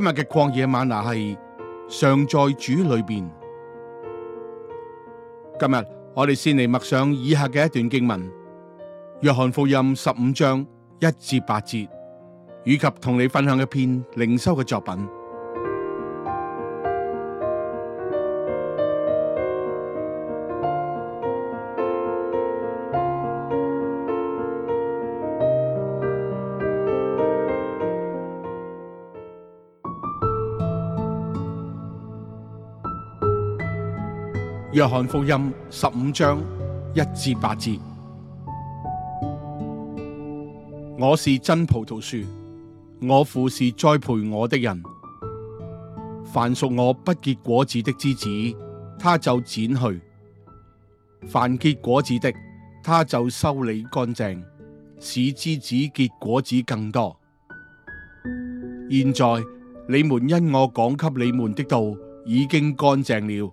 今日嘅曠野嗎哪係常在主裡面。今日我哋先嚟默想以下嘅一段經文：約翰福音十五章一至八節，以及同你分享一篇靈修嘅作品。約翰福音十五章一至八節：我是真葡萄樹，我父是栽培我的人。凡屬我不結果子的枝子，他就剪去；凡結果子的，他就修理乾淨，使枝子結果子更多。現在你們因我講給你們的道，已經乾淨了。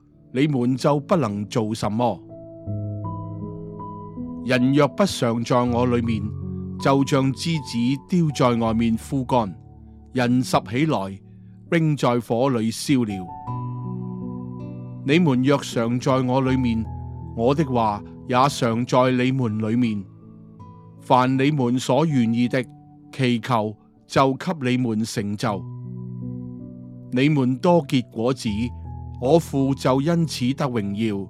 你們就不能做什麼？人若不常在我裏面，就像枝子丟在外面枯乾；人拾起來，扔在火裏燒了。你們若常在我裏面，我的話也常在你們裏面。凡你們所願意的，祈求就給你們成就。你們多結果子。我父就因此得榮耀，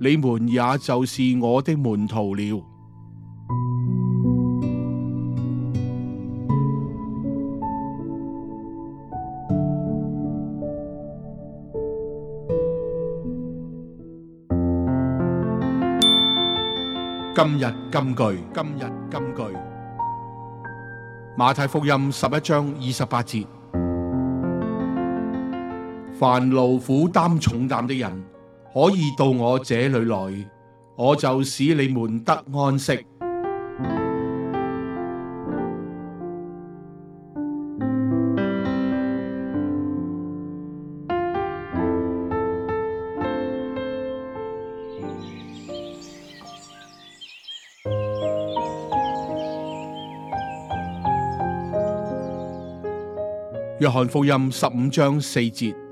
你們也就是我的門徒了。今日金句，今日金句，馬太福音十一章二十八節。凡勞苦擔重擔的人，可以到我這裏來，我就使你們得安息。約翰福音十五章四節。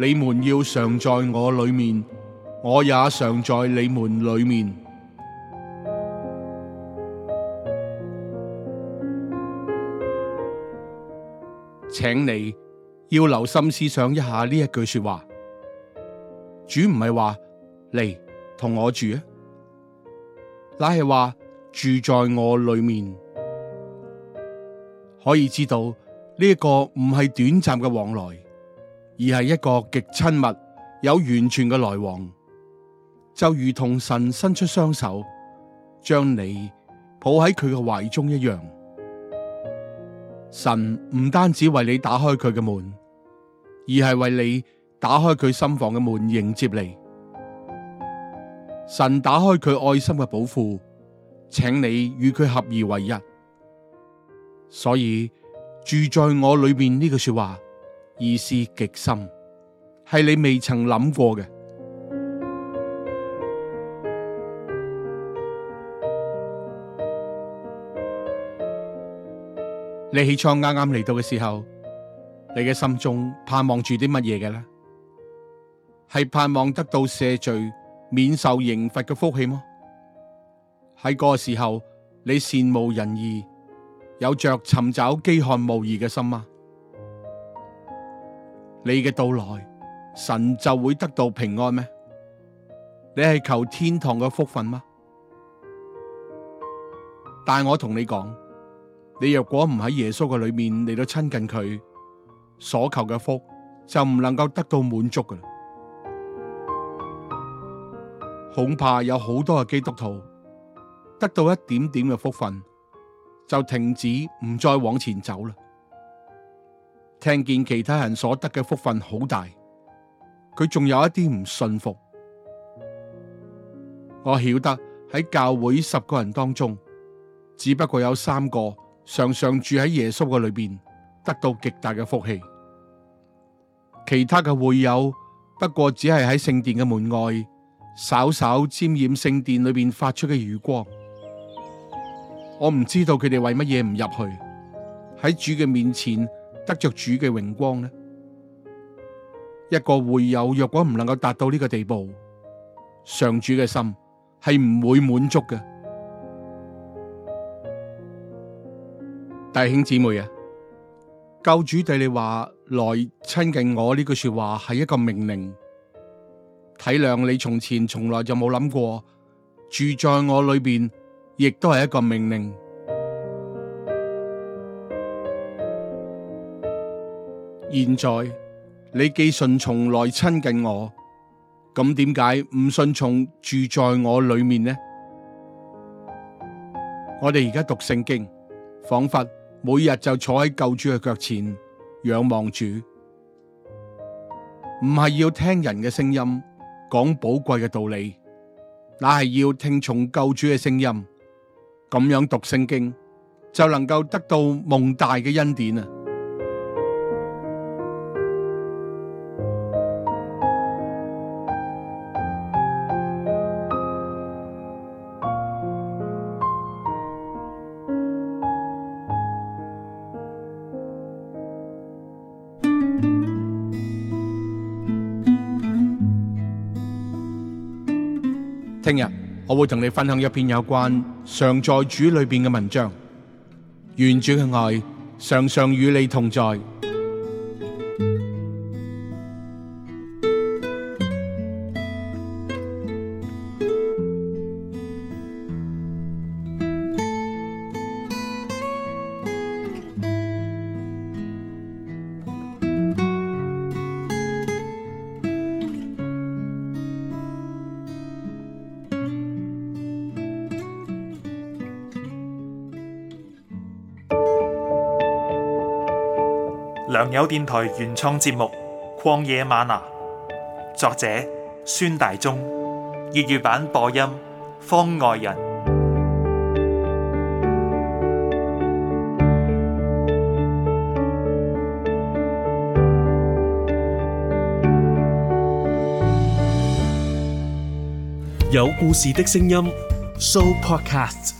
你們要常在我裏面，我也常在你們裏面。請你要留心思想一下呢一句說話。主唔係話嚟同我住啊，乃係話住在我裏面。可以知道呢一個唔係短暫嘅往來。而係一個極親密、有完全嘅來往，就如同神伸出雙手，將你抱喺佢嘅懷中一樣。神唔單止為你打開佢嘅門，而係為你打開佢心房嘅門，迎接你。神打開佢愛心嘅寶庫，請你與佢合而為一。所以住在我裏面呢句說話。意思極深，係你未曾諗過嘅。你起初啱啱嚟到嘅時候，你嘅心中盼望住啲乜嘢嘅咧？係盼望得到赦罪免受刑罰嘅福氣麼？喺嗰個時候，你善無人義，有着尋找飢漢無義嘅心嗎？你嘅到來，神就會得到平安咩？你係求天堂嘅福分嗎？但係我同你講，你若果唔喺耶穌嘅裏面嚟到親近佢，所求嘅福就唔能夠得到滿足㗎啦。恐怕有好多嘅基督徒得到一點點嘅福分，就停止唔再往前走啦。聽見其他人所得嘅福分好大，佢仲有一啲唔信服。我曉得喺教會十個人當中，只不過有三個常常住喺耶穌嘅裏面，得到極大嘅福氣。其他嘅會友，不過只係喺聖殿嘅門外，稍稍沾染聖殿裏面發出嘅餘光。我唔知道佢哋為乜嘢唔入去喺主嘅面前，得着主嘅榮光呢，一個會友若果唔能夠達到呢個地步，上主嘅心係唔會滿足嘅。弟兄姊妹啊，救主對你話，來親近我呢句說話係一個命令，體諒你從前從來就冇諗過住在我裏邊，亦都係一個命令。現在你既順從來親近我，咁點解唔順從住在我裏面呢？我哋而家讀聖經，仿佛每日就坐喺救主嘅腳前仰望主，唔係要聽人嘅聲音講寶貴嘅道理，那係要聽從救主嘅聲音。咁樣讀聖經就能夠得到蒙大嘅恩典啊！聽日我會同你分享一篇有關「常在主裏面」嘅文章，願主嘅愛常常與你同在。良友電台原創節目《曠野嗎哪》，作者孫大中，粵語版播音方外人，有故事的聲音 show podcast。